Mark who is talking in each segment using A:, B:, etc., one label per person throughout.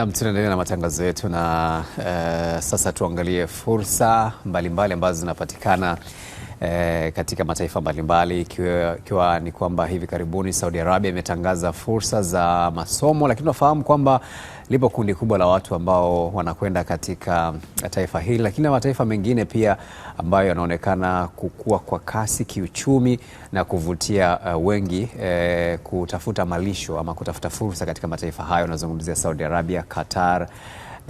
A: Nam, tunaendelea na matangazo yetu na uh, sasa tuangalie fursa mbalimbali ambazo mbali zinapatikana eh, katika mataifa mbalimbali ikiwa, ni kwamba hivi karibuni Saudi Arabia imetangaza fursa za masomo, lakini tunafahamu kwamba lipo kundi kubwa la watu ambao wanakwenda katika taifa hili, lakini na mataifa mengine pia ambayo yanaonekana kukua kwa kasi kiuchumi na kuvutia uh, wengi eh, kutafuta malisho ama kutafuta fursa katika mataifa hayo. anazungumzia Saudi Arabia, Qatar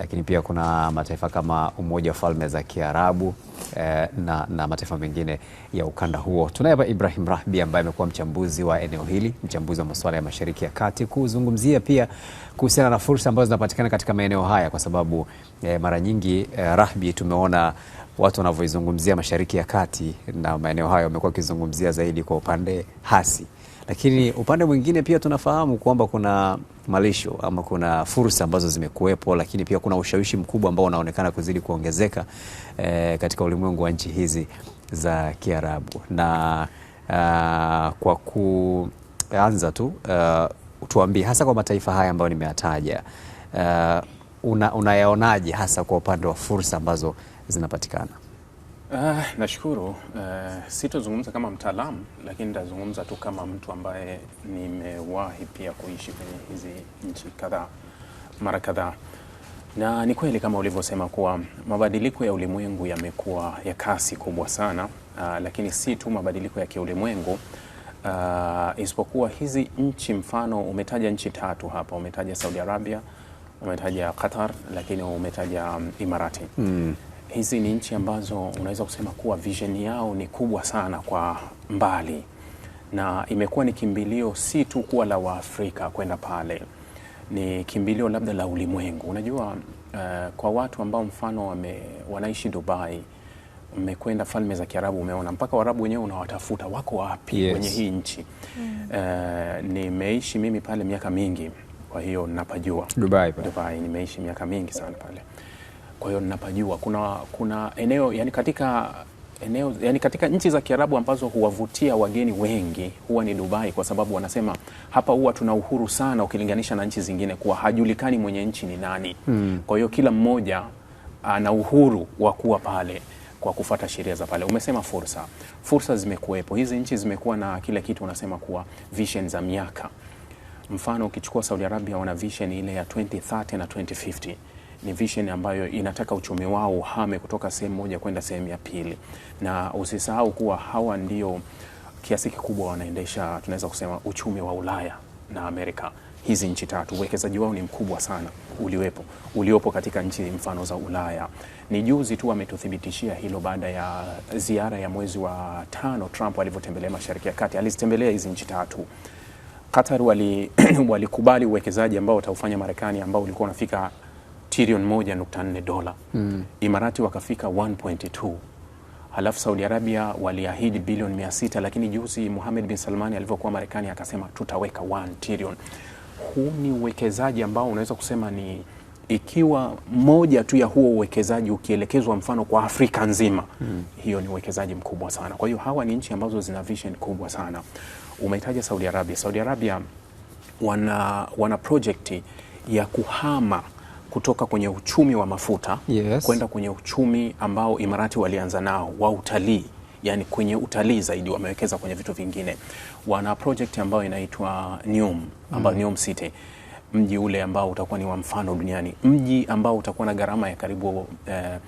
A: lakini pia kuna mataifa kama Umoja wa Falme za Kiarabu eh, na, na mataifa mengine ya ukanda huo. Tunaye hapa Ibrahim Rahbi ambaye amekuwa mchambuzi wa eneo hili, mchambuzi wa masuala ya Mashariki ya Kati, kuzungumzia pia kuhusiana na fursa ambazo zinapatikana katika maeneo haya, kwa sababu eh, mara nyingi eh, Rahbi tumeona watu wanavyoizungumzia Mashariki ya Kati na maeneo hayo wamekuwa wakizungumzia zaidi kwa upande hasi, lakini upande mwingine pia tunafahamu kwamba kuna malisho ama kuna fursa ambazo zimekuwepo, lakini pia kuna ushawishi mkubwa ambao unaonekana kuzidi kuongezeka eh, katika ulimwengu wa nchi hizi za Kiarabu na uh, kwa kuanza tu uh, tuambie hasa kwa mataifa haya ambayo nimeyataja uh, unayaonaje una hasa kwa upande wa fursa ambazo zinapatikana?
B: Uh, nashukuru. Uh, sitozungumza kama mtaalamu, lakini nitazungumza tu kama mtu ambaye nimewahi pia kuishi kwenye hizi nchi kadhaa mara kadhaa, na ni kweli kama ulivyosema kuwa mabadiliko ya ulimwengu yamekuwa ya kasi kubwa sana. Uh, lakini si tu mabadiliko ya kiulimwengu uh, isipokuwa hizi nchi, mfano umetaja nchi tatu hapa, umetaja Saudi Arabia, umetaja Qatar, lakini umetaja mm, Imarati mm hizi ni nchi ambazo unaweza kusema kuwa vision yao ni kubwa sana kwa mbali, na imekuwa ni kimbilio si tu kuwa la Waafrika kwenda pale, ni kimbilio labda la ulimwengu. Unajua uh, kwa watu ambao mfano wame, wanaishi Dubai mmekwenda Falme za Kiarabu, umeona mpaka Waarabu wenyewe unawatafuta wako wapi? Yes. kwenye hii nchi mm. Uh, nimeishi mimi pale miaka mingi, kwa hiyo napajua Dubai, Dubai nimeishi miaka mingi sana pale kwa hiyo ninapajua. Kuna, kuna eneo yani katika eneo yani katika nchi za Kiarabu ambazo huwavutia wageni wengi huwa ni Dubai, kwa sababu wanasema hapa huwa tuna uhuru sana ukilinganisha na nchi zingine, kuwa hajulikani mwenye nchi ni nani. Hmm. Kwa hiyo kila mmoja ana uhuru wa kuwa pale kwa kufata sheria za pale. Umesema fursa, fursa zimekuwepo. Hizi nchi zimekuwa na kile kitu unasema kuwa vision za miaka. Mfano, ukichukua Saudi Arabia wana vision ile ya 2030 na 2050 ni vision ambayo inataka uchumi wao uhame kutoka sehemu moja kwenda sehemu ya pili, na usisahau kuwa hawa ndio kiasi kikubwa wanaendesha tunaweza kusema uchumi wa Ulaya na Amerika hizi nchi tatu, uwekezaji wao ni mkubwa sana uliwepo uliopo katika nchi mfano za Ulaya. Ni juzi tu ametuthibitishia hilo baada ya ziara ya mwezi wa tano Trump alivyotembelea Mashariki ya Kati, alizitembelea hizi nchi tatu. Qatar walikubali wali uwekezaji ambao utaufanya Marekani ambao ulikuwa unafika trilioni moja nukta nne dola mm. Imarati wakafika 1.2 halafu Saudi Arabia waliahidi bilioni mia lakini juzi Muhamed bin Salmani alivyokuwa Marekani akasema tutaweka 1 trilioni. Huu ni uwekezaji ambao unaweza kusema ni ikiwa moja tu ya huo uwekezaji ukielekezwa mfano kwa Afrika nzima mm. hiyo ni uwekezaji mkubwa sana. Kwa hiyo hawa ni nchi ambazo zina vision kubwa sana. Umehitaja Saudi Arabia. Saudi Arabia wana, wana project ya kuhama kutoka kwenye uchumi wa mafuta yes, kwenda kwenye uchumi ambao Imarati walianza nao wa utalii, yani kwenye utalii zaidi wamewekeza kwenye vitu vingine. Wana project ambayo inaitwa Neom ambayo mm, Neom City mji ule ambao utakuwa ni wa mfano duniani, mji ambao utakuwa na gharama ya karibu eh,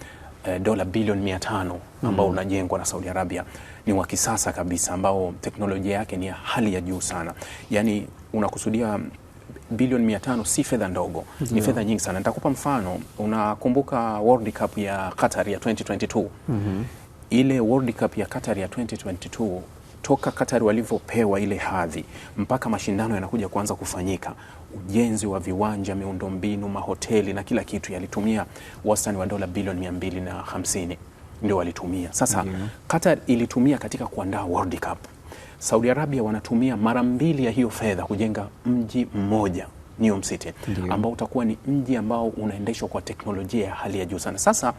B: eh, dola bilioni 500 ambao mm, unajengwa na Saudi Arabia. Ni wa kisasa kabisa ambao teknolojia yake ni ya hali ya juu sana, yani unakusudia bilioni tano si fedha ndogo Ni fedha nyingi sana. Nitakupa mfano, unakumbuka World Cup ya Qatar ya 2022 mm -hmm. Ile World Cup ya Qatar ya 2022 toka Qatar walivyopewa ile hadhi mpaka mashindano yanakuja kuanza kufanyika, ujenzi wa viwanja, miundombinu, mahoteli na kila kitu, yalitumia wastani wa dola bilioni 250 ndio walitumia. Sasa Qatar ilitumia katika kuandaa World Cup Saudi Arabia wanatumia mara mbili ya hiyo fedha kujenga mji mmoja Neom City ambao utakuwa ni mji ambao unaendeshwa kwa teknolojia ya hali ya juu sana. Sasa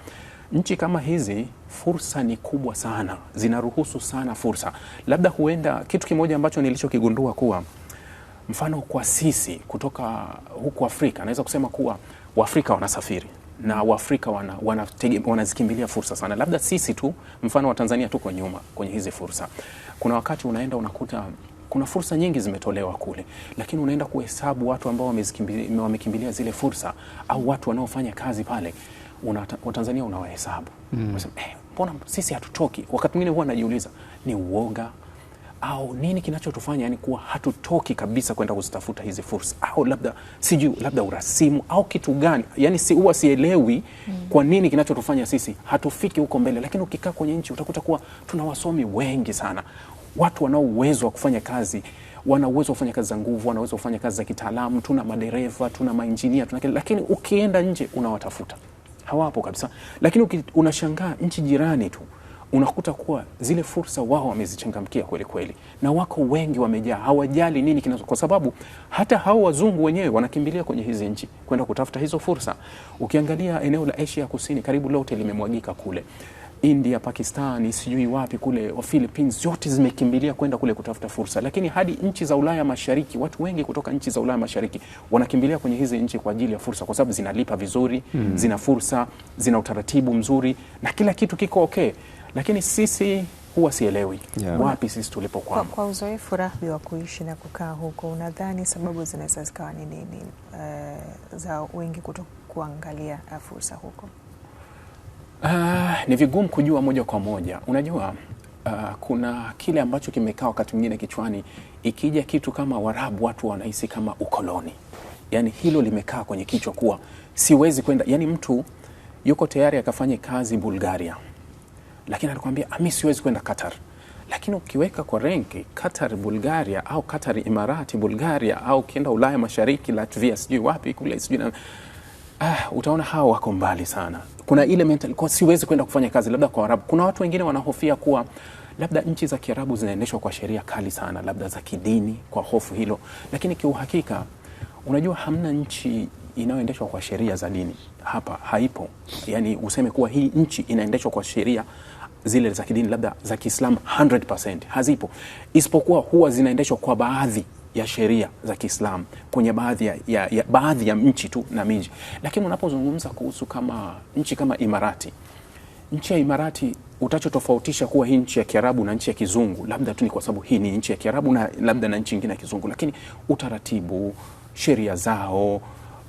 B: nchi kama hizi fursa ni kubwa sana, zinaruhusu sana fursa. Labda huenda kitu kimoja ambacho nilichokigundua kuwa mfano kwa sisi kutoka huku Afrika, naweza kusema kuwa Waafrika wanasafiri na Waafrika wanazikimbilia wana, wana fursa sana. Labda sisi tu mfano wa Tanzania tuko nyuma kwenye hizi fursa. Kuna wakati unaenda unakuta kuna fursa nyingi zimetolewa kule, lakini unaenda kuhesabu watu ambao wamekimbilia zile fursa au watu wanaofanya kazi pale, Watanzania unawahesabu mm. Eh, mbona sisi hatutoki? Wakati mwingine huwa najiuliza ni uoga au nini kinachotufanya yani kuwa hatutoki kabisa kwenda kuzitafuta hizi fursa, au labda sijui, labda urasimu au kitu gani? Yani si huwa sielewi mm. kwa nini kinachotufanya sisi hatufiki huko mbele. Lakini ukikaa kwenye nchi utakuta kuwa tuna wasomi wengi sana, watu wanao uwezo wa kufanya kazi wana uwezo wa kufanya kazi za nguvu, wana uwezo wa kufanya kazi za kitaalamu. Tuna madereva, tuna mainjinia, tuna kile, lakini ukienda nje unawatafuta hawapo kabisa. Lakini unashangaa nchi jirani tu unakuta kuwa zile fursa wao wamezichangamkia kweli kweli, na wako wengi wamejaa, hawajali nini kinazo, kwa sababu hata hao wazungu wenyewe wanakimbilia kwenye hizi nchi kwenda kutafuta hizo fursa. Ukiangalia eneo la Asia ya Kusini karibu lote limemwagika kule India, Pakistani, sijui wapi kule wa Philippines, zote zimekimbilia kwenda kule kutafuta fursa. Lakini hadi nchi za Ulaya Mashariki, watu wengi kutoka nchi za Ulaya Mashariki wanakimbilia kwenye hizi nchi kwa ajili ya fursa, kwa sababu zinalipa vizuri mm, zina fursa, zina utaratibu mzuri na kila kitu kiko okay lakini sisi huwa sielewi yeah. Wapi sisi tulipokwama.
C: Kwa, kwa uzoefu Rahbi wa kuishi na kukaa huko, unadhani sababu zinaweza zikawa ni nini uh, za wengi kuto kuangalia eh, fursa huko?
B: Uh, ni vigumu kujua moja kwa moja. Unajua uh, kuna kile ambacho kimekaa wakati mwingine kichwani, ikija kitu kama warabu watu wanahisi kama ukoloni, yaani hilo limekaa kwenye kichwa kuwa siwezi kwenda, yaani mtu yuko tayari akafanye kazi Bulgaria lakini alikwambia ami ah, siwezi kwenda Qatar. Lakini ukiweka kwa renki Qatar Bulgaria au Qatar Imarati Bulgaria au ukienda Ulaya Mashariki Latvia sijui wapi kule sijui ah, utaona hawa wako mbali sana. Kuna ile mental, kwa siwezi kwenda kufanya kazi labda kwa Arabu. Kuna watu wengine wanahofia kuwa labda nchi za Kiarabu zinaendeshwa kwa sheria kali sana, labda za kidini, kwa hofu hilo. Lakini kiuhakika, unajua hamna nchi inayoendeshwa kwa sheria za dini hapa haipo. Yani useme kuwa hii nchi inaendeshwa kwa sheria zile za kidini labda za Kiislamu 100% hazipo, isipokuwa huwa zinaendeshwa kwa baadhi ya sheria za Kiislamu kwenye baadhi ya, ya, ya, baadhi ya nchi tu na miji. Lakini unapozungumza kuhusu kama nchi kama Imarati, nchi ya Imarati utachotofautisha kuwa hii nchi ya Kiarabu na nchi ya Kizungu labda tu ni kwa sababu hii ni nchi ya Kiarabu na labda na nchi nyingine ya Kizungu, lakini utaratibu, sheria zao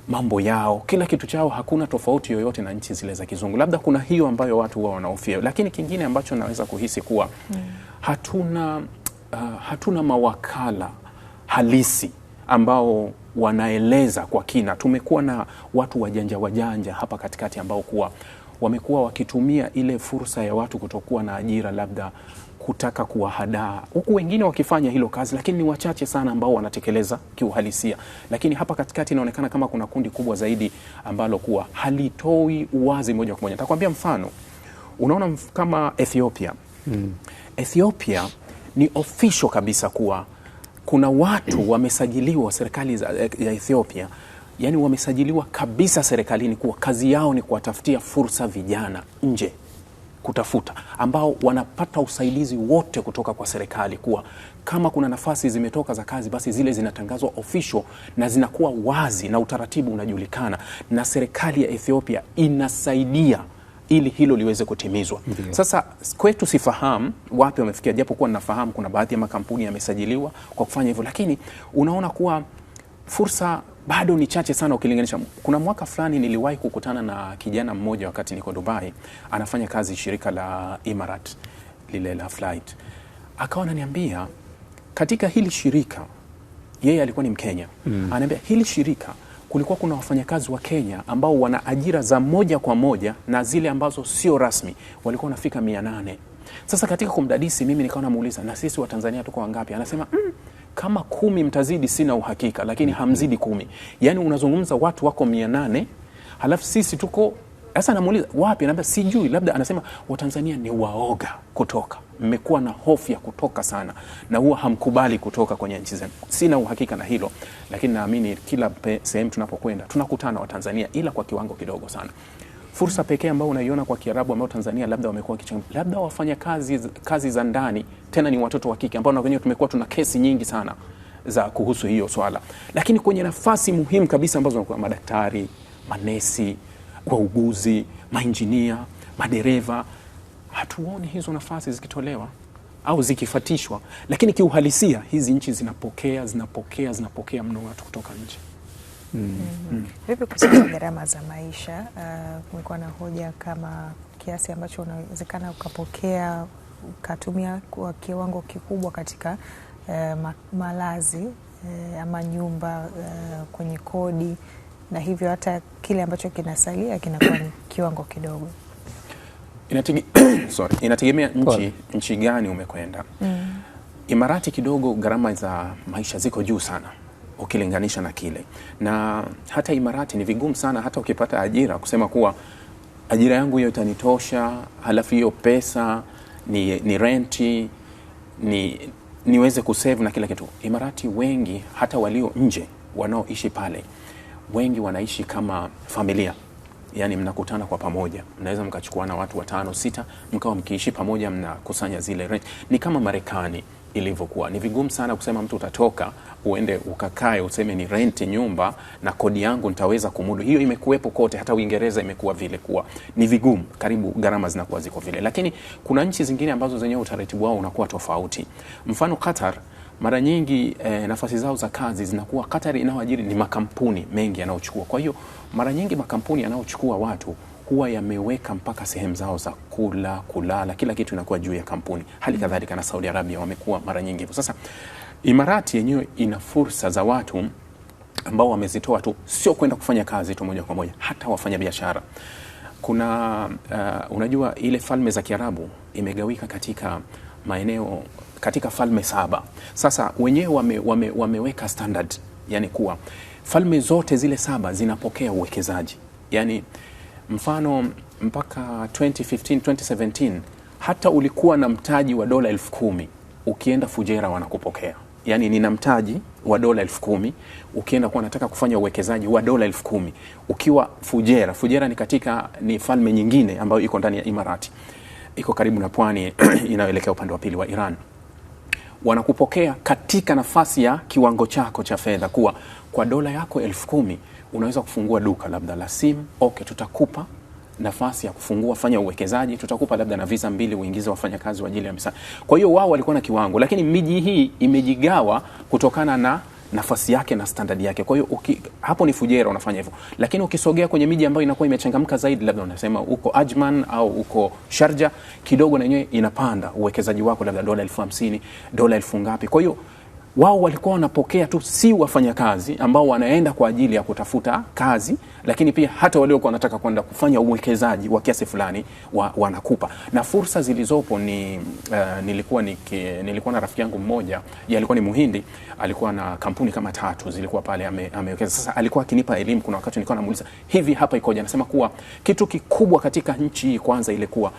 B: mambo yao, kila kitu chao, hakuna tofauti yoyote na nchi zile za kizungu. Labda kuna hiyo ambayo watu huwa wanahofia, lakini kingine ambacho naweza kuhisi kuwa mm. hatuna, uh, hatuna mawakala halisi ambao wanaeleza kwa kina. Tumekuwa na watu wajanja wajanja hapa katikati ambao kuwa wamekuwa wakitumia ile fursa ya watu kutokuwa na ajira labda kutaka kuwahadaa, huku wengine wakifanya hilo kazi, lakini ni wachache sana ambao wanatekeleza kiuhalisia. Lakini hapa katikati inaonekana kama kuna kundi kubwa zaidi ambalo kuwa halitoi uwazi moja kwa moja. Nitakwambia mfano, unaona mf kama Ethiopia mm. Ethiopia ni official kabisa kuwa kuna watu hmm. wamesajiliwa, serikali eh, ya Ethiopia yani wamesajiliwa kabisa serikalini kuwa kazi yao ni kuwatafutia fursa vijana nje kutafuta ambao wanapata usaidizi wote kutoka kwa serikali, kuwa kama kuna nafasi zimetoka za kazi, basi zile zinatangazwa official na zinakuwa wazi na utaratibu unajulikana, na serikali ya Ethiopia inasaidia ili hilo liweze kutimizwa. Ndiyo. Sasa kwetu sifahamu wapi wamefikia, japo kuwa nafahamu kuna baadhi ya makampuni yamesajiliwa kwa kufanya hivyo, lakini unaona kuwa fursa bado ni chache sana ukilinganisha. Kuna mwaka fulani niliwahi kukutana na kijana mmoja wakati niko Dubai, anafanya kazi shirika la Imarat lile la flight, akawa ananiambia katika hili shirika, yeye alikuwa ni Mkenya mm. anaambia hili shirika kulikuwa kuna wafanyakazi wa Kenya ambao wana ajira za moja kwa moja na zile ambazo sio rasmi, walikuwa wanafika mia nane. Sasa katika kumdadisi mimi nikawa namuuliza, na sisi Watanzania tuko wangapi? Anasema mm, kama kumi mtazidi, sina uhakika, lakini mm-hmm. hamzidi kumi. Yani unazungumza watu wako mia nane halafu sisi tuko sasa, namuuliza wapi? Anaambia sijui, labda anasema Watanzania ni waoga kutoka, mmekuwa na hofu ya kutoka sana na huwa hamkubali kutoka kwenye nchi zenu. Sina uhakika na hilo, lakini naamini kila sehemu tunapokwenda tunakutana Watanzania, ila kwa kiwango kidogo sana fursa pekee ambayo unaiona kwa Kiarabu ambao Tanzania labda wamekuwa kichang, labda wafanya kazi, kazi za ndani, tena ni watoto wa kike ambao wenyewe tumekuwa tuna kesi nyingi sana za kuhusu hiyo swala, lakini kwenye nafasi muhimu kabisa ambazo wanakuwa madaktari, manesi, wauguzi, mainjinia, madereva, hatuoni hizo nafasi zikitolewa au zikifatishwa, lakini kiuhalisia hizi nchi zinapokea zinapokea zinapokea mno watu kutoka nje.
C: Vipi kuhusiana na gharama za maisha? Uh, kumekuwa na hoja kama kiasi ambacho unawezekana ukapokea ukatumia kwa kiwango kikubwa katika uh, malazi uh, ama nyumba uh, kwenye kodi na hivyo hata kile ambacho kinasalia kinakuwa ni kiwango kidogo.
B: Sorry. Inategemea nchi, nchi gani umekwenda. mm. Imarati kidogo gharama za maisha ziko juu sana ukilinganisha na kile. Na hata Imarati ni vigumu sana, hata ukipata ajira kusema kuwa ajira yangu hiyo itanitosha, halafu hiyo pesa ni, ni renti ni, niweze kusave na kila kitu. Imarati wengi hata walio nje wanaoishi pale wengi wanaishi kama familia, yani mnakutana kwa pamoja, mnaweza mkachukuana watu watano sita, mkawa mkiishi pamoja, mnakusanya zile rent. Ni kama Marekani ilivyokuwa. Ni vigumu sana kusema mtu utatoka uende ukakae useme ni renti nyumba na kodi yangu nitaweza kumudu. Hiyo imekuwepo kote, hata Uingereza imekuwa vile, kuwa ni vigumu, karibu gharama zinakuwa ziko vile, lakini kuna nchi zingine ambazo zenyewe utaratibu wao unakuwa tofauti. Mfano Qatar mara nyingi eh, nafasi zao za kazi zinakuwa Qatar inayoajiri ni makampuni mengi yanayochukua, kwa hiyo mara nyingi makampuni yanayochukua watu huwa yameweka mpaka sehemu zao za kula, kulala, kila kitu inakuwa juu ya kampuni. Hali kadhalika na Saudi Arabia wamekuwa mara nyingi hivyo. Sasa Imarati yenyewe ina fursa za watu ambao wamezitoa tu, sio kwenda kufanya kazi tu moja kwa moja, hata wafanya biashara. Kuna uh, unajua ile falme za Kiarabu imegawika katika maeneo katika falme saba. Sasa wenyewe wame, wame, wameweka standard, yani kuwa falme zote zile saba zinapokea uwekezaji yani mfano mpaka 2015 2017 hata ulikuwa na mtaji wa dola elfu kumi ukienda Fujera wanakupokea. Yani nina mtaji wa dola elfu kumi ukienda kuwa nataka kufanya uwekezaji wa dola elfu kumi ukiwa Fujera. Fujera ni katika ni falme nyingine ambayo iko ndani ya Imarati, iko karibu na pwani inayoelekea upande wa pili wa Iran. Wanakupokea katika nafasi ya kiwango chako cha fedha, kuwa kwa dola yako elfu kumi unaweza kufungua duka labda la simu. Okay, tutakupa nafasi ya kufungua, fanya uwekezaji, tutakupa labda na visa mbili uingize wafanyakazi wa ajili ya misa. Kwa hiyo wao walikuwa na kiwango, lakini miji hii imejigawa kutokana na nafasi yake na standadi yake. Kwa hiyo hapo ni fujera, unafanya hivyo, lakini ukisogea kwenye miji ambayo inakuwa imechangamka zaidi, labda unasema uko Ajman au uko Sharja, kidogo na yenyewe inapanda uwekezaji wako, labda dola elfu hamsini dola elfu ngapi. Kwa hiyo wao walikuwa wanapokea tu si wafanyakazi ambao wanaenda kwa ajili ya kutafuta kazi, lakini pia hata waliokuwa wanataka kwenda kufanya uwekezaji wa kiasi fulani wa, wanakupa na fursa zilizopo ni uh, nilikuwa niki, nilikuwa na rafiki yangu mmoja ya alikuwa ni Muhindi, alikuwa na kampuni kama tatu zilikuwa pale amewekeza sasa alikuwa akinipa elimu. Kuna wakati nilikuwa namuuliza hivi hapa ikoja anasema kuwa kitu kikubwa katika nchi hii kwanza ilikuwa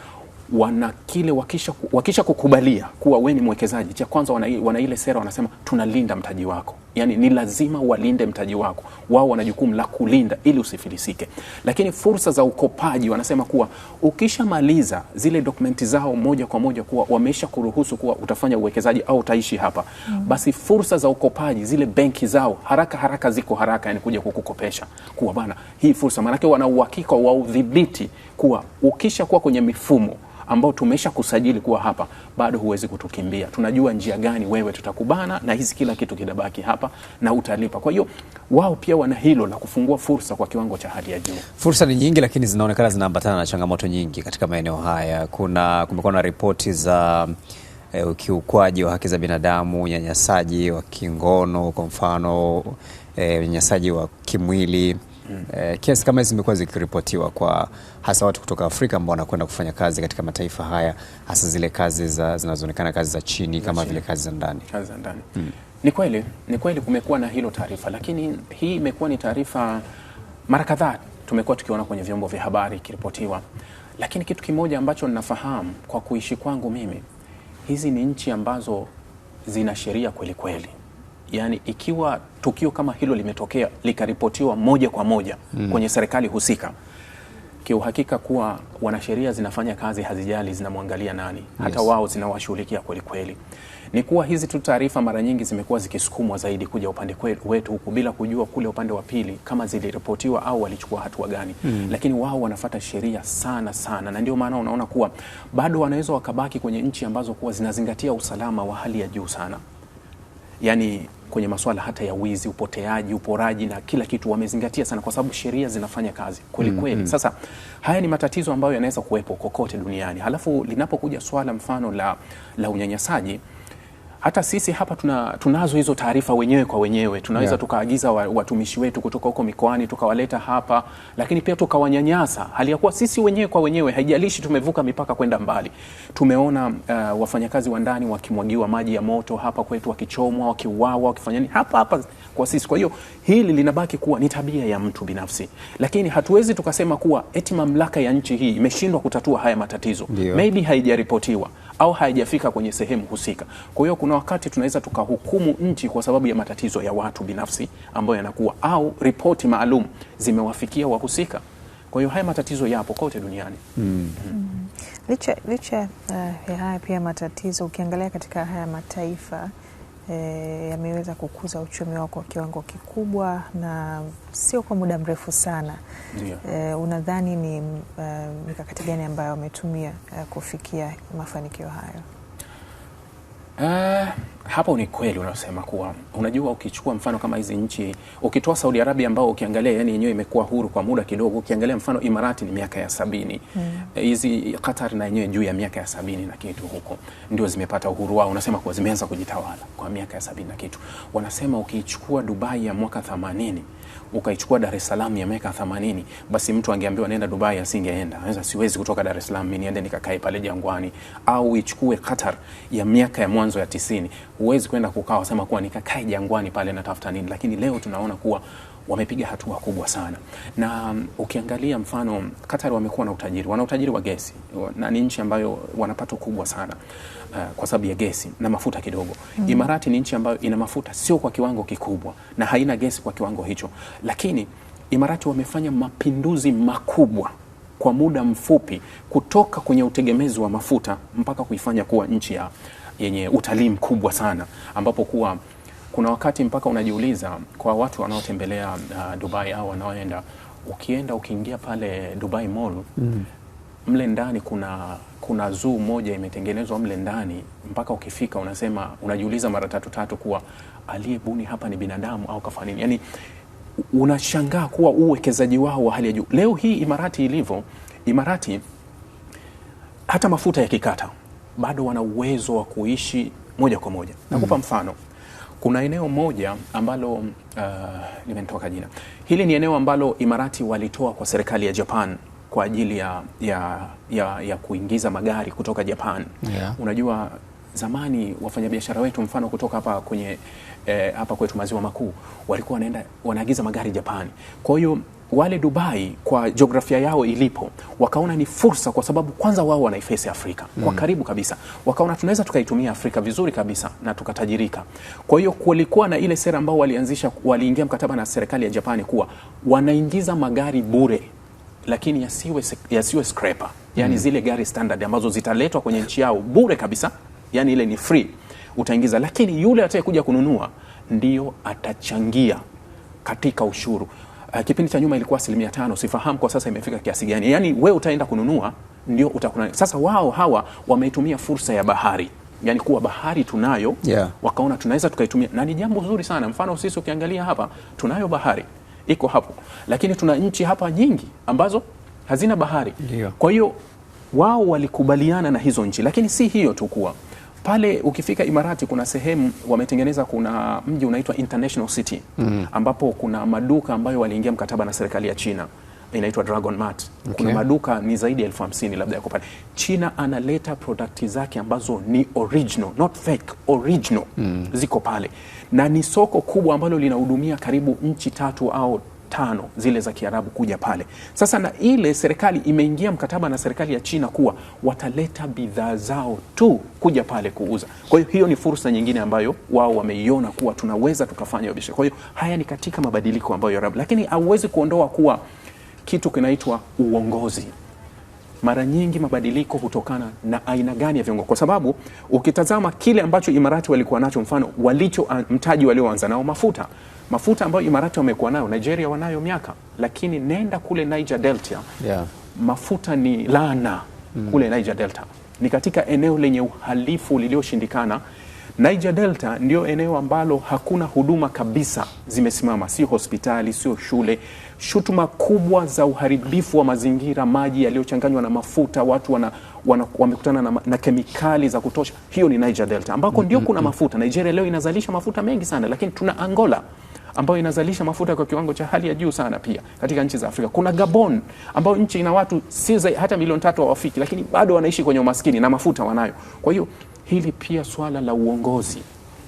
B: wana kile wakisha, wakisha kukubalia kuwa we ni mwekezaji, cha kwanza wana, wana ile sera wanasema tunalinda mtaji wako, yani ni lazima walinde mtaji wako. Wao wana jukumu la kulinda ili usifilisike. Lakini fursa za ukopaji wanasema kuwa ukishamaliza zile dokumenti zao moja kwa moja kuwa wamesha kuruhusu kuwa utafanya uwekezaji au utaishi hapa mm. Basi fursa za ukopaji zile benki zao haraka haraka ziko haraka, yani kuja kukukopesha kuwa bana hii fursa, maanake wana uhakika wa udhibiti kuwa ukisha kuwa kwenye mifumo ambao tumesha kusajili kuwa hapa, bado huwezi kutukimbia. Tunajua njia gani wewe tutakubana na hizi, kila kitu kinabaki hapa na utalipa. Kwa hiyo wao pia wana hilo la kufungua fursa kwa kiwango cha hali ya juu.
A: Fursa ni nyingi, lakini zinaonekana zinaambatana na changamoto nyingi katika maeneo haya. Kuna kumekuwa na ripoti za e, ukiukwaji wa haki za binadamu, unyanyasaji wa kingono kwa mfano, e, unyanyasaji wa kimwili mm. Eh, kesi kama hizi zimekuwa zikiripotiwa kwa hasa watu kutoka Afrika ambao wanakwenda kufanya kazi katika mataifa haya, hasa zile kazi zinazoonekana kazi za chini kama vile kazi za ndani,
B: kazi za ndani mm. Ni kweli, ni kweli kumekuwa na hilo taarifa, lakini hii imekuwa ni taarifa mara kadhaa tumekuwa tukiona kwenye vyombo vya habari ikiripotiwa, lakini kitu kimoja ambacho ninafahamu kwa kuishi kwangu mimi, hizi ni nchi ambazo zina sheria kweli kweli yani ikiwa tukio kama hilo limetokea likaripotiwa moja kwa moja mm. kwenye serikali husika kiuhakika kuwa wanasheria zinafanya kazi, hazijali zinamwangalia nani, hata yes. wao zinawashughulikia kweli kweli. Ni kuwa hizi tu taarifa mara nyingi zimekuwa zikisukumwa zaidi kuja upande wetu huku bila kujua kule upande wa pili kama ziliripotiwa au walichukua hatua gani mm. Lakini wao wanafata sheria sana sana, na ndio maana unaona kuwa bado wanaweza wakabaki kwenye nchi ambazo kuwa zinazingatia usalama wa hali ya juu sana yani kwenye masuala hata ya wizi, upoteaji, uporaji na kila kitu wamezingatia sana, kwa sababu sheria zinafanya kazi kweli mm, kweli. mm -hmm. Sasa haya ni matatizo ambayo yanaweza kuwepo kokote duniani, halafu linapokuja swala mfano la, la unyanyasaji hata sisi hapa tuna, tunazo hizo taarifa wenyewe kwa wenyewe tunaweza yeah. tukaagiza watumishi wetu kutoka huko mikoani tukawaleta hapa, lakini pia tukawanyanyasa, hali ya kuwa sisi wenyewe kwa wenyewe, haijalishi tumevuka mipaka kwenda mbali. Tumeona uh, wafanyakazi wa ndani wakimwagiwa maji ya moto hapa kwetu, wakichomwa, wakiuawa, wakifanya nini hapa hapa kwa sisi. Kwa hiyo hili linabaki kuwa ni tabia ya mtu binafsi, lakini hatuwezi tukasema kuwa eti mamlaka ya nchi hii imeshindwa kutatua haya matatizo. Maybe haijaripotiwa au haijafika kwenye sehemu husika. Kwa hiyo kuna wakati tunaweza tukahukumu nchi kwa sababu ya matatizo ya watu binafsi ambayo yanakuwa au ripoti maalum zimewafikia wahusika. Kwa hiyo haya matatizo yapo kote duniani mm. Mm.
C: mm. Licha, licha uh, ya haya pia matatizo ukiangalia katika haya mataifa e, yameweza kukuza uchumi wao kwa kiwango kikubwa na sio kwa muda mrefu sana yeah. E, unadhani ni eh, mikakati gani ambayo wametumia e, eh, kufikia mafanikio hayo?
B: Uh, hapo ni kweli unasema kuwa, unajua, ukichukua mfano kama hizi nchi, ukitoa Saudi Arabia ambao ukiangalia, yani yenyewe imekuwa huru kwa muda kidogo, ukiangalia mfano Imarati ni miaka ya sabini hmm. eh, hizi mm. Qatar na yenyewe juu ya miaka ya sabini na kitu huko ndio zimepata uhuru wao, unasema kuwa zimeanza kujitawala kwa miaka ya sabini na kitu. Wanasema ukichukua Dubai ya mwaka 80 ukaichukua Dar es Salaam ya miaka 80, basi mtu angeambiwa nenda Dubai asingeenda. Anaweza siwezi kutoka Dar es Salaam mimi niende nikakae pale Jangwani, au ichukue Qatar ya miaka ya mwanzo ya tisini. Huwezi kwenda kukaa wasema kuwa nikakae Jangwani pale natafuta nini, lakini leo tunaona kuwa wamepiga hatua kubwa sana na um, ukiangalia mfano Qatar wamekuwa na utajiri, wana utajiri wa gesi na ni nchi ambayo wana pato kubwa sana uh, kwa sababu ya gesi na mafuta kidogo mm. Imarati ni nchi ambayo ina mafuta sio kwa kiwango kikubwa na haina gesi kwa kiwango hicho, lakini Imarati wamefanya mapinduzi makubwa kwa muda mfupi kutoka kwenye utegemezi wa mafuta mpaka kuifanya kuwa nchi ya yenye utalii mkubwa sana, ambapo kuwa kuna wakati mpaka unajiuliza kwa watu wanaotembelea uh, Dubai au wanaoenda ukienda ukiingia pale Dubai Mall mm mle ndani kuna kuna zoo moja imetengenezwa mle ndani, mpaka ukifika unasema unajiuliza mara tatu tatu kuwa aliyebuni hapa ni binadamu au kafanya nini? Yani unashangaa kuwa uwekezaji wao wa hali ya juu. Leo hii Imarati ilivyo, Imarati hata mafuta ya kikata bado wana uwezo wa kuishi moja kwa moja. Nakupa mm. mfano kuna eneo moja ambalo uh, limenitoka jina. Hili ni eneo ambalo Imarati walitoa kwa serikali ya Japan kwa ajili ya, ya, ya, ya kuingiza magari kutoka Japan yeah. Unajua zamani wafanyabiashara wetu mfano kutoka hapa kwenye eh, hapa kwetu maziwa makuu walikuwa wanaenda wanaagiza magari japan Kwa hiyo wale Dubai kwa jiografia yao ilipo, wakaona ni fursa, kwa sababu kwanza wao wanaifesi Afrika kwa mm. karibu kabisa, wakaona tunaweza tukaitumia Afrika vizuri kabisa na tukatajirika. Kwa hiyo kulikuwa na ile sera ambao walianzisha, waliingia mkataba na serikali ya Japani kuwa wanaingiza magari bure lakini yasiwe, yasiwe scraper yani mm. zile gari standard ambazo zitaletwa kwenye nchi yao bure kabisa, yani ile ni free utaingiza, lakini yule atakayekuja kununua ndio atachangia katika ushuru. Uh, kipindi cha nyuma ilikuwa asilimia tano, sifahamu kwa sasa imefika kiasi gani. Yani we utaenda kununua ndio utakuna. Sasa wao hawa wameitumia fursa ya bahari yani kuwa bahari tunayo yeah. Wakaona tunaweza tukaitumia na ni jambo zuri sana. Mfano sisi ukiangalia hapa tunayo bahari iko hapo, lakini tuna nchi hapa nyingi ambazo hazina bahari. Kwa hiyo wao walikubaliana na hizo nchi, lakini si hiyo tu kuwa pale ukifika Imarati kuna sehemu wametengeneza, kuna mji unaitwa International City mm -hmm. ambapo kuna maduka ambayo waliingia mkataba na serikali ya China inaitwa Dragon Mart. Okay. Kuna maduka ni zaidi ya elfu hamsini labda yako pale. China analeta product zake ambazo ni original, not fake, original mm. ziko pale na ni soko kubwa ambalo linahudumia karibu nchi tatu au tano zile za Kiarabu kuja pale. Sasa na ile serikali imeingia mkataba na serikali ya China kuwa wataleta bidhaa zao tu kuja pale kuuza. Kwa hiyo hiyo ni fursa nyingine ambayo wao wameiona kuwa tunaweza tukafanya biashara. Kwa hiyo haya ni katika mabadiliko ambayo Arabu, lakini hauwezi kuondoa kuwa kitu kinaitwa uongozi. Mara nyingi mabadiliko hutokana na aina gani ya viongozi? Kwa sababu ukitazama kile ambacho Imarati walikuwa nacho, mfano walicho ah, mtaji walioanza nao mafuta, mafuta ambayo Imarati wamekuwa nayo, Nigeria wanayo miaka, lakini nenda kule Niger Delta yeah. mafuta ni lana mm. kule Niger Delta ni katika eneo lenye uhalifu lilioshindikana. Niger Delta ndio eneo ambalo hakuna huduma kabisa zimesimama, sio hospitali, sio shule shutuma kubwa za uharibifu wa mazingira, maji yaliyochanganywa na mafuta, watu wana, wana, wamekutana na, na kemikali za kutosha. Hiyo ni Niger Delta ambako mm, ndio mm, kuna mm. mafuta. Nigeria leo inazalisha mafuta mengi sana, lakini tuna Angola ambayo inazalisha mafuta kwa kiwango cha hali ya juu sana. Pia katika nchi za Afrika kuna Gabon ambayo nchi ina watu si hata milioni tatu hawafiki, lakini bado wanaishi kwenye umaskini na mafuta wanayo. Kwa hiyo hili pia swala la uongozi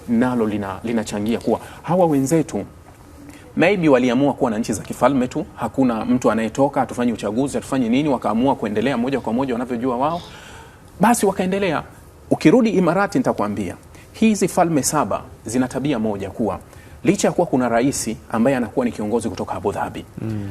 B: nalo linachangia lina kuwa hawa wenzetu maybe waliamua kuwa na nchi za kifalme tu, hakuna mtu anayetoka, hatufanyi uchaguzi, hatufanyi nini, wakaamua kuendelea moja kwa moja wanavyojua wao, basi wakaendelea. Ukirudi Imarati nitakwambia hizi falme saba zina tabia moja, kuwa licha ya kuwa kuna rais ambaye anakuwa ni kiongozi kutoka Abu Dhabi mm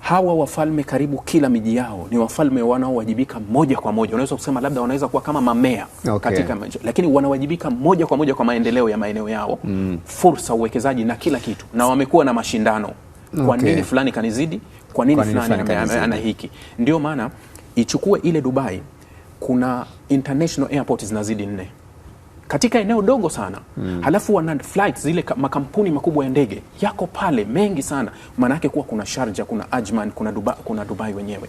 B: hawa wafalme karibu kila miji yao ni wafalme wanaowajibika moja kwa moja. Unaweza kusema labda wanaweza kuwa kama mamea okay, katika lakini wanawajibika moja kwa moja kwa maendeleo ya maeneo yao mm, fursa, uwekezaji na kila kitu, na wamekuwa na mashindano okay. Kwa nini fulani kanizidi? Kwa nini fulani ana hiki? Ndio maana ichukue ile Dubai, kuna international airport zinazidi nne katika eneo dogo sana mm. Halafu wana flight zile makampuni makubwa ya ndege yako pale mengi sana, maanayake kuwa kuna Sharja, kuna Ajman, kuna Dubai, kuna Dubai wenyewe.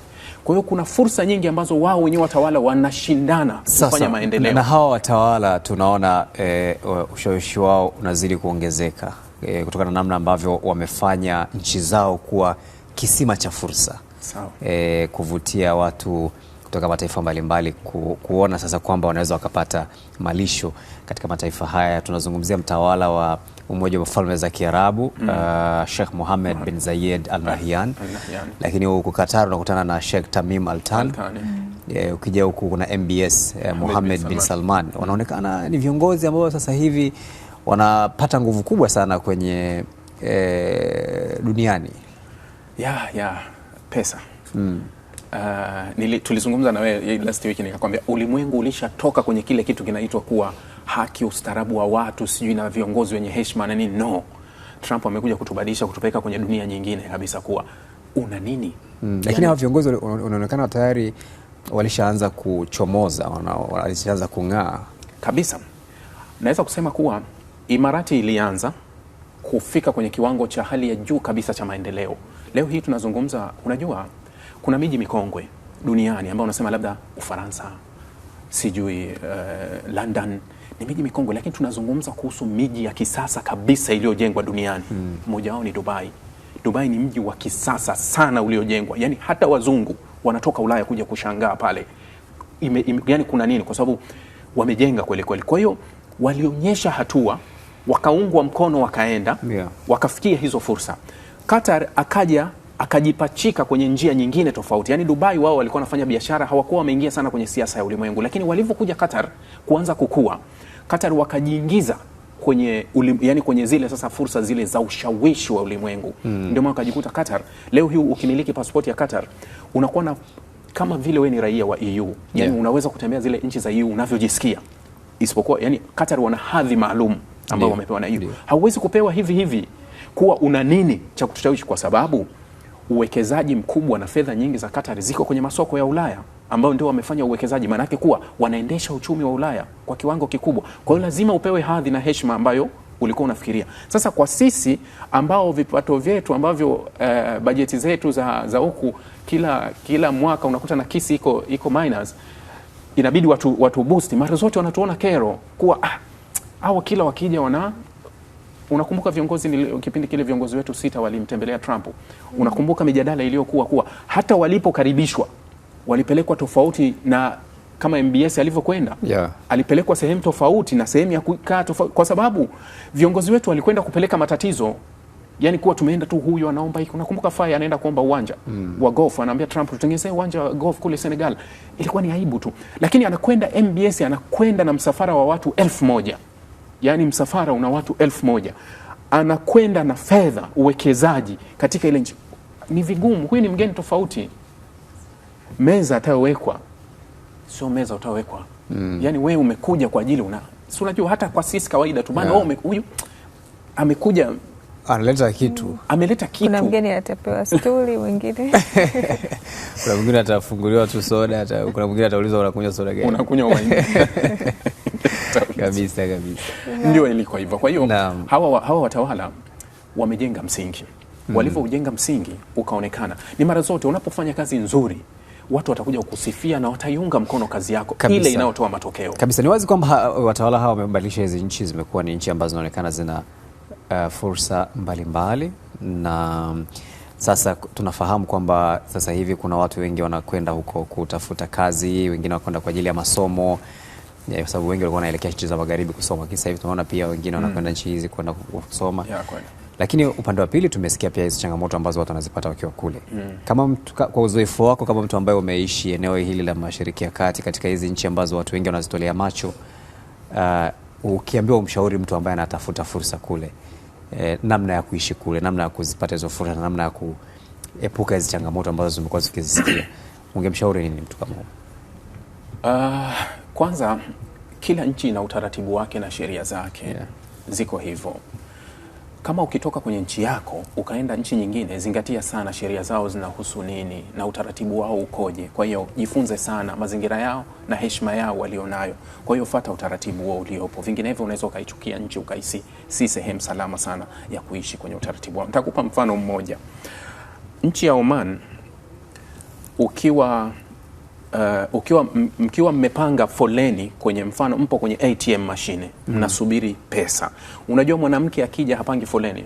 B: Kwa hiyo kuna fursa nyingi ambazo wao wenyewe watawala wanashindana
A: kufanya maendeleo, na hawa watawala tunaona e, ushawishi wao unazidi kuongezeka e, kutokana na namna ambavyo wamefanya nchi zao kuwa kisima cha fursa e, kuvutia watu kutoka mataifa mbalimbali ku, kuona sasa kwamba wanaweza wakapata malisho katika mataifa haya. Tunazungumzia mtawala wa Umoja wa Falme za Kiarabu mm. uh, Sheikh Mohammed mm. bin Zayed Al Nahyan mm. lakini huku Qatar unakutana na Sheikh Tamim Al Tan yeah, mm. ukija huku kuna MBS eh, Mohammed bin Salman wanaonekana ni viongozi ambao sasa hivi wanapata nguvu kubwa sana kwenye eh, duniani
B: ya yeah, yeah. pesa mm. Uh, nili, tulizungumza na wewe last week nikakwambia ulimwengu ulishatoka kwenye kile kitu kinaitwa kuwa haki, ustaarabu wa watu sijui na viongozi wenye heshima na nini. No, Trump amekuja kutubadilisha kutupeleka kwenye dunia nyingine kabisa kuwa una nini mm,
A: yani, lakini hawa viongozi unaonekana tayari walishaanza kuchomoza, walishaanza kung'aa
B: kabisa. Naweza kusema kuwa Imarati ilianza kufika kwenye kiwango cha hali ya juu kabisa cha maendeleo. Leo hii tunazungumza, unajua kuna miji mikongwe duniani ambayo unasema labda Ufaransa, sijui uh, London ni miji mikongwe, lakini tunazungumza kuhusu miji ya kisasa kabisa iliyojengwa duniani. Hmm. Mmoja wao ni Dubai. Dubai ni mji wa kisasa sana uliojengwa, yani hata wazungu wanatoka Ulaya kuja kushangaa pale ime, ime, yani kuna nini, kwa sababu wamejenga kweli kweli. Kwa hiyo walionyesha hatua, wakaungwa mkono, wakaenda yeah. wakafikia hizo fursa. Qatar akaja akajipachika kwenye njia nyingine tofauti. Yaani Dubai wao walikuwa wanafanya biashara, hawakuwa wameingia sana kwenye siasa ya ulimwengu, lakini walivyokuja Qatar kuanza kukua, Qatar wakajiingiza kwenye ulim, yani kwenye zile sasa fursa zile za ushawishi wa ulimwengu mm. Ndio maana ukajikuta Qatar leo hii ukimiliki pasipoti ya Qatar unakuwa na kama vile wewe ni raia wa EU yani yeah. Unaweza kutembea zile nchi za EU unavyojisikia, isipokuwa yani Qatar wana hadhi maalum ambao wamepewa na EU. Hauwezi kupewa hivi hivi kuwa una nini cha kutushawishi kwa sababu uwekezaji mkubwa na fedha nyingi za katari ziko kwenye masoko ya Ulaya ambao ndio wamefanya uwekezaji, maanake kuwa wanaendesha uchumi wa Ulaya kwa kiwango kikubwa. Kwa hiyo lazima upewe hadhi na heshima ambayo ulikuwa unafikiria. Sasa kwa sisi ambao vipato vyetu ambavyo uh, bajeti zetu za za huku kila kila mwaka unakuta na kisi iko iko minus, inabidi watu watu boost. Mara zote wanatuona kero kuwa ah, au kila wakija wana Unakumbuka viongozi, kipindi kile viongozi wetu sita walimtembelea Trump. Unakumbuka mijadala iliyokuwa kuwa hata walipokaribishwa walipelekwa tofauti na kama MBS alivyokwenda yeah. Alipelekwa sehemu tofauti na sehemu ya kukaa tofauti, kwa sababu viongozi wetu walikwenda kupeleka matatizo, yani kuwa tumeenda tu, huyo anaomba hiki. Unakumbuka Faye anaenda kuomba uwanja mm. wa golf, anaambia Trump tutengenezee uwanja wa golf kule Senegal. Ilikuwa ni aibu tu, lakini anakwenda MBS, anakwenda na msafara wa watu elfu moja mm yani msafara una watu elfu moja anakwenda na fedha uwekezaji katika ile nchi, ni vigumu. Huyu ni mgeni tofauti. Meza atayowekwa sio meza utayowekwa mm. yani wewe umekuja kwa ajili una si unajua, hata kwa sisi kawaida tu bana, yeah. Huyu amekuja
A: analeta kitu,
B: ameleta kituna
C: mgeni atapewa stuli, wengine
A: kuna mwingine atafunguliwa tu soda, kuna mwingine ataulizwa unakunywa soda gani,
B: unakunywa waini
A: kabisa kabisa,
B: ndio iliko hivyo. Kwa hiyo hawa, hawa watawala wamejenga msingi mm. Walivyojenga msingi ukaonekana, ni mara zote unapofanya kazi nzuri watu watakuja kusifia na wataiunga mkono kazi yako kabisa, ile inayotoa matokeo
A: kabisa. Ni wazi kwamba watawala hawa wamebadilisha hizi nchi, zimekuwa ni nchi ambazo zinaonekana zina uh, fursa mbalimbali mbali, na um, sasa tunafahamu kwamba sasa hivi kuna watu wengi wanakwenda huko kutafuta kazi, wengine wanakwenda kwa ajili ya masomo yeah, kwa sababu wengi walikuwa wanaelekea nchi za magharibi kusoma, lakini sasa hivi tunaona pia wengine mm. wanakwenda mm. nchi hizi kwenda kusoma yeah, lakini upande wa pili tumesikia pia hizi changamoto ambazo watu wanazipata wakiwa kule mm. Kama mtu, kwa uzoefu wako kama mtu ambaye umeishi eneo hili la Mashariki ya Kati katika hizi nchi ambazo watu wengi wanazitolea macho uh, ukiambiwa umshauri mtu ambaye anatafuta fursa kule eh, namna ya kuishi kule, namna ya kuzipata hizo fursa na namna ya kuepuka hizi changamoto ambazo zimekuwa zikizisikia ungemshauri nini mtu kama huyo?
B: Uh, kwanza, kila nchi ina utaratibu wake na sheria zake yeah. Ziko hivyo. Kama ukitoka kwenye nchi yako ukaenda nchi nyingine, zingatia sana sheria zao zinahusu nini na utaratibu wao ukoje. Kwa hiyo jifunze sana mazingira yao na heshima yao walionayo. Kwa hiyo fata utaratibu wao uliopo, vinginevyo unaweza ukaichukia nchi ukaisi si sehemu salama sana ya kuishi kwenye utaratibu wao. Nitakupa mfano mmoja, nchi ya Oman ukiwa uh, ukiwa mkiwa mmepanga foleni kwenye mfano, mpo kwenye ATM mashine mnasubiri mm mnasubiri pesa. Unajua mwanamke akija hapangi foleni,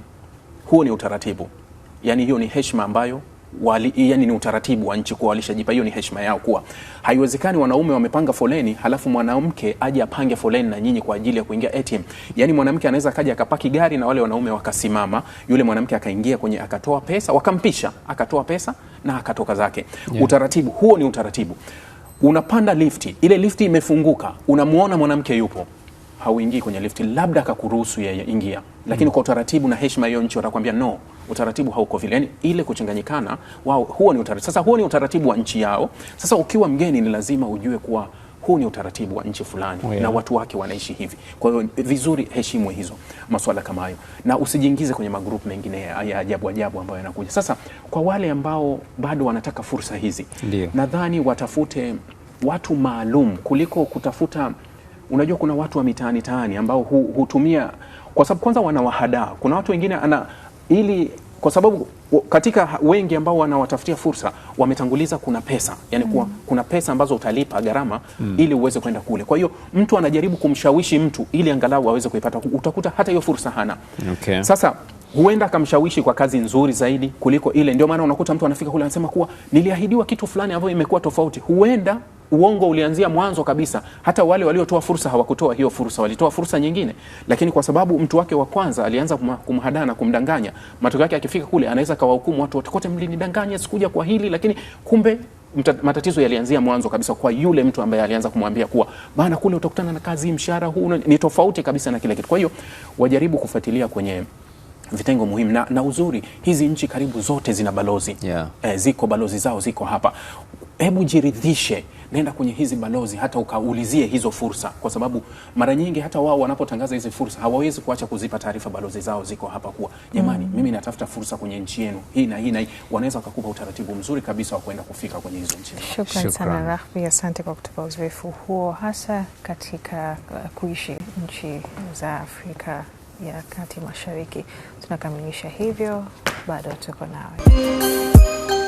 B: huo ni utaratibu, yaani hiyo ni heshima ambayo wali, yani ni utaratibu wa nchi kuwa walishajipa hiyo, ni heshima yao, kuwa haiwezekani wanaume wamepanga foleni halafu mwanamke aje apange foleni na nyinyi kwa ajili ya kuingia ATM. Yani mwanamke anaweza kaja akapaki gari na wale wanaume wakasimama, yule mwanamke akaingia kwenye akatoa pesa, wakampisha akatoa pesa na akatoka zake yeah. Utaratibu huo ni utaratibu. Unapanda lifti, ile lifti imefunguka, unamuona mwanamke yupo hauingii kwenye lifti, labda akakuruhusu yeye ingia, lakini mm. kwa utaratibu na heshima hiyo nchi watakwambia no utaratibu hauko vile, yani ile kuchanganyikana wao, huo ni utaratibu. Sasa huo ni utaratibu wa nchi yao. Sasa ukiwa mgeni, ni lazima ujue kuwa huu ni utaratibu wa nchi fulani oh, yeah. na watu wake wanaishi hivi. Kwa hiyo vizuri, heshimu hizo masuala kama hayo, na usijiingize kwenye magrupu mengine ya ajabu ajabu ambayo yanakuja sasa. Kwa wale ambao bado wanataka fursa hizi, nadhani watafute watu maalum kuliko kutafuta Unajua, kuna watu wa mitaani taani ambao hu, hutumia, kwa sababu kwanza wanawahadaa. Kuna watu wengine ana ili kwa sababu katika wengi ambao wanawatafutia fursa wametanguliza, kuna pesa yani kuwa, mm. kuna pesa ambazo utalipa gharama mm. ili uweze kwenda kule. Kwa hiyo mtu anajaribu kumshawishi mtu ili angalau aweze kuipata, utakuta hata hiyo fursa hana okay. Sasa huenda akamshawishi kwa kazi nzuri zaidi kuliko ile. Ndio maana unakuta mtu anafika kule anasema kuwa niliahidiwa kitu fulani ambayo imekuwa tofauti. Huenda uongo ulianzia mwanzo kabisa. Hata wale waliotoa fursa hawakutoa hiyo fursa, walitoa fursa nyingine, lakini kwa sababu mtu wake wa kwanza alianza kumhadaa na kumdanganya, matokeo yake akifika kule anaweza kawahukumu watu wote, kote mlinidanganya, sikuja kwa hili, lakini kumbe matatizo yalianzia mwanzo kabisa kwa yule mtu ambaye alianza kumwambia kuwa bana, kule utakutana na kazi, mshahara huu ni tofauti kabisa na kile kitu. Kwa hiyo wajaribu kufuatilia kwenye vitengo muhimu na, na uzuri hizi nchi karibu zote zina balozi yeah. E, ziko balozi zao ziko hapa. Hebu jiridhishe, nenda kwenye hizi balozi hata ukaulizie hizo fursa, kwa sababu mara nyingi hata wao wanapotangaza hizi fursa hawawezi kuacha kuzipa taarifa balozi zao ziko hapa kuwa jamani, mm. mimi natafuta fursa kwenye nchi yenu hii na hii na hii. Wanaweza wakakupa utaratibu mzuri kabisa wa kwenda kufika kwenye hizo nchi. Shukran sana Rahbi, asante kwa kutupa uzoefu huo hasa katika uh, kuishi nchi za Afrika ya Kati Mashariki. Tunakamilisha hivyo, bado tuko nawe.